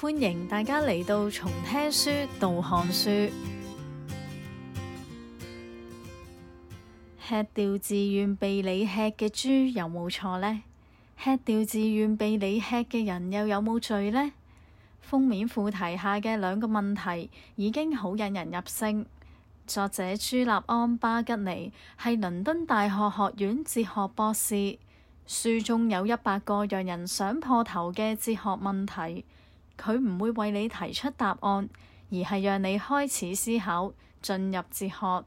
歡迎大家嚟到從聽書到看書，吃掉自願被你吃嘅豬有冇錯呢？吃掉自願被你吃嘅人又有冇罪呢？封面副題下嘅兩個問題已經好引人入勝。作者朱立安巴吉尼係倫敦大學學院哲學博士，書中有一百個讓人想破頭嘅哲學問題。佢唔會為你提出答案，而係讓你開始思考，進入哲學。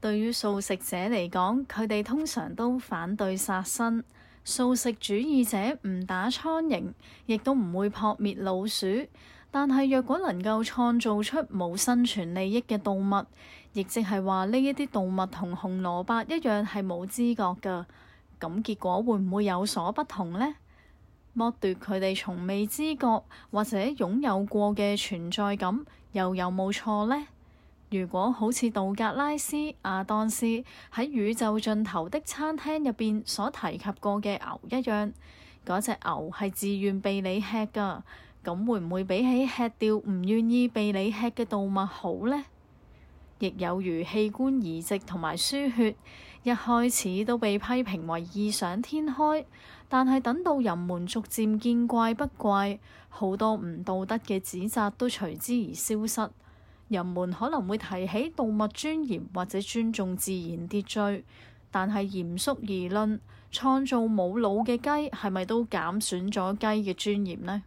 對於素食者嚟講，佢哋通常都反對殺生。素食主義者唔打蒼蠅，亦都唔會撲滅老鼠。但係若果能夠創造出冇生存利益嘅動物，亦即係話呢一啲動物同紅蘿蔔一樣係冇知覺噶，咁結果會唔會有所不同呢？剝奪佢哋從未知覺或者擁有過嘅存在感，又有冇錯呢？如果好似道格拉斯阿當斯喺宇宙盡頭的餐廳入邊所提及過嘅牛一樣，嗰隻牛係自願被你吃㗎，咁會唔會比起吃掉唔願意被你吃嘅動物好呢？亦有如器官移植同埋輸血，一開始都被批評為異想天開，但係等到人們逐漸見怪不怪，好多唔道德嘅指責都隨之而消失。人們可能會提起動物尊嚴或者尊重自然秩序，但係嚴肅而論，創造冇腦嘅雞係咪都減損咗雞嘅尊嚴呢？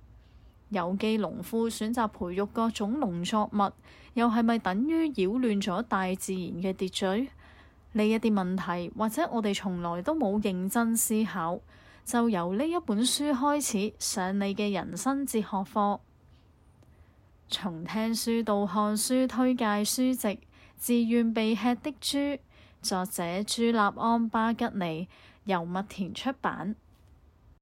有機農夫選擇培育各種農作物，又係咪等於擾亂咗大自然嘅秩序？呢一啲問題，或者我哋從來都冇認真思考，就由呢一本書開始上你嘅人生哲學課。從聽書到看書，推介書籍《自願被吃的豬》，作者朱立安巴吉尼，由麥田出版。